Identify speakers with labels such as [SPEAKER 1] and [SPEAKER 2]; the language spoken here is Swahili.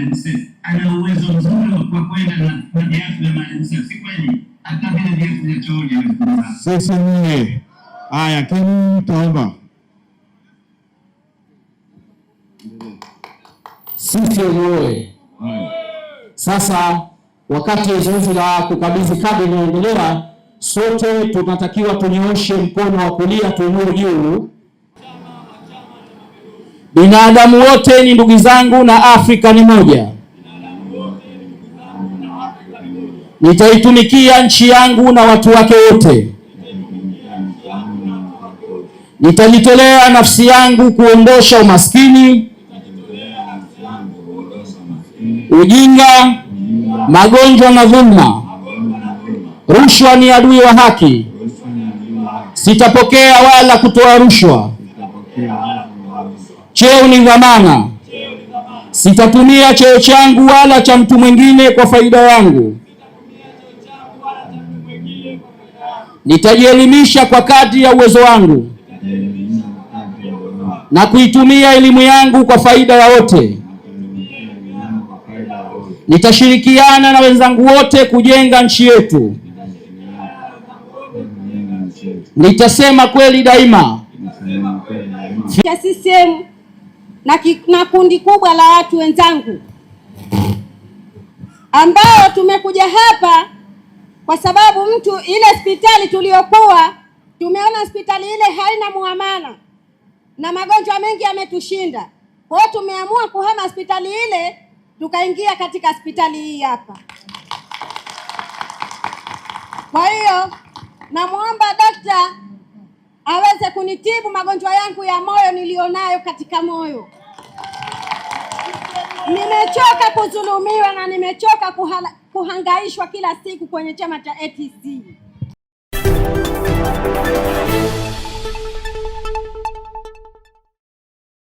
[SPEAKER 1] Maalim Seif ana uwezo mzuri wa kwenda na viatu vya Maalim Seif, si kweli? Hata vile viatu vya chooni Sisi nie haya taomba sasa wakati zoezi la kukabidhi kadi inaendelea, sote tunatakiwa tunyooshe mkono wa kulia tuinue juu Binadamu wote ni ndugu zangu na Afrika ni moja. Nitaitumikia nchi yangu na watu wake wote. Nitajitolea nafsi yangu kuondosha umaskini, ujinga, magonjwa na dhulma. Rushwa ni adui wa haki. Sitapokea wala kutoa rushwa. Cheo ni dhamana, sitatumia cheo changu wala cha mtu mwingine kwa faida yangu. Nitajielimisha kwa kadri ya uwezo wangu na kuitumia elimu yangu kwa faida ya wote. Nitashirikiana na wenzangu wote kujenga nchi yetu. Nitasema kweli daima.
[SPEAKER 2] Sisi na, ki, na kundi kubwa la watu wenzangu ambao tumekuja hapa kwa sababu mtu ile hospitali tuliyokuwa tumeona hospitali ile haina muamana na magonjwa mengi yametushinda. Kwa hiyo tumeamua kuhama hospitali ile tukaingia katika hospitali hii hapa. Kwa hiyo namwomba aweze kunitibu magonjwa yangu ya moyo niliyonayo katika moyo. Nimechoka kuzulumiwa na nimechoka kuhala, kuhangaishwa kila siku kwenye chama cha ATC.